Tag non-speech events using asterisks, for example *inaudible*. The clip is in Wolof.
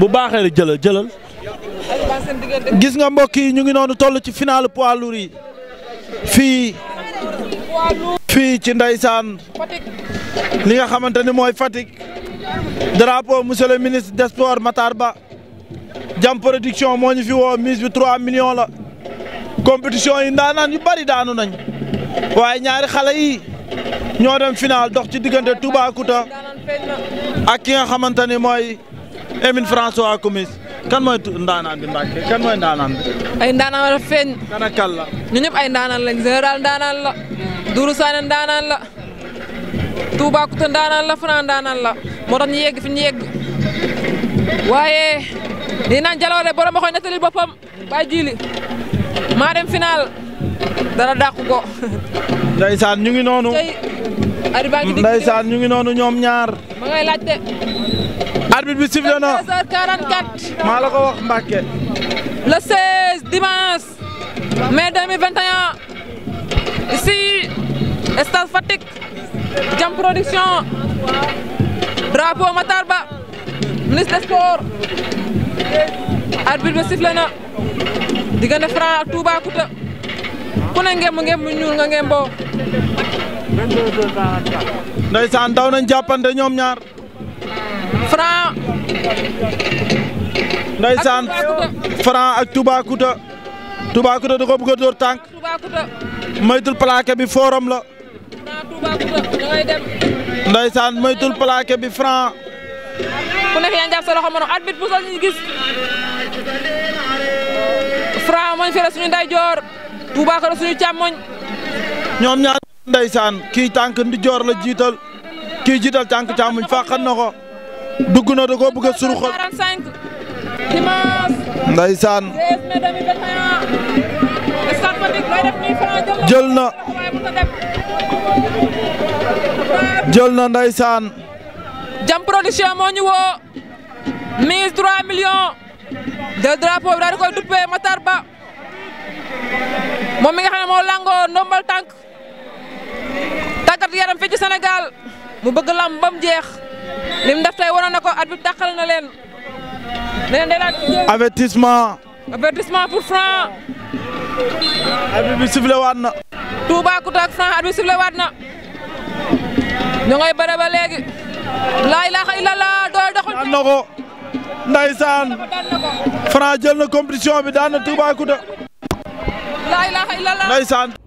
bu baaxee rek jëlal jëlal. gis nga mbokk yi ñu ngi noonu toll ci final poids lourd yi fii fii ci ndeysaan li nga xamante ni mooy Fatick drapeau monsieur le ministre des sports Matar Ba jam production moo ñu fi woo mise bi 3 millions la compétition yi ndaanaan yu bari daanu nañ waaye ñaari xale yi ñoo dem final dox ci diggante Toubacouta ak ki nga xamante ni mooy. Emine François Gomis kan mooy ndaanaan bi Mbacke kan mooy ndaanaan ay ndaanaan la feeñ. la. ñu ñëpp ay ndaanaan lañ général ndaanaan la. Dourou ndaanaan la. Toubacouta ndaanaan la Franc ndaanaan la moo tax ñu yegg fi ñu yegg waaye di naan jaloore borom a koy nettali boppam bàyyi jiili maa dem final dara dàqu ko. *laughs* Ndeysaan ñu ngi noonu. Ndeysaan ñu ngi noonu ñoom ñaar. arbitre bi sifflé na maa la ko wax Mbacke. le 16 dimanche mai 2021 ici stade Fatick Jam Production drapeau Matar Ba ministre des sports arbitre bi sifflé na diggante ku ne ngemb ngemb ñuul nga ngemboo. ndeysaan daw nañ jàppante ñoom ñaar. Franc ndeysaan Franc ak Toubacouta Toubacouta da ko bëgg a dóor maytul plaqué bi forum la ndeysaan maytul plaqué bi Franc ku nekk yaa ngi jàpp sa loxo morom arbitre gis Franc mooñ fere suñu ndeyjoor Toubacouta suñu càmmoñ ñoom ñaar ndeysaan kii tànk ndijoor la jiital kii jiital tànk càmmoñ fàqan na ko dugg na da koo bëgg a suruxal. jël na. jël na Ndeysaan. Jam Production moo ñu woo. mise 3 millions. de bi daal di koy duppee Matar Ba. moom mi nga moo langoo ndombal tànk. tàggat yaram fii ci Sénégal. mu bëgg lam jeex. lim def tey waroon na ko arbitre dàqal na leen. nee na avertissement. avertissement pour Franc. arbitre bi sifflé waat na. Toubacouta ak Franc arbitre bi sifflé waat na. ñu ngay bëre ba léegi. laa ilaaha illallah doole doxul. daan na ko ndeysaan. Franc jël na compétition bi daan na Toubacouta. laa ilaaha illallah ndeysaan.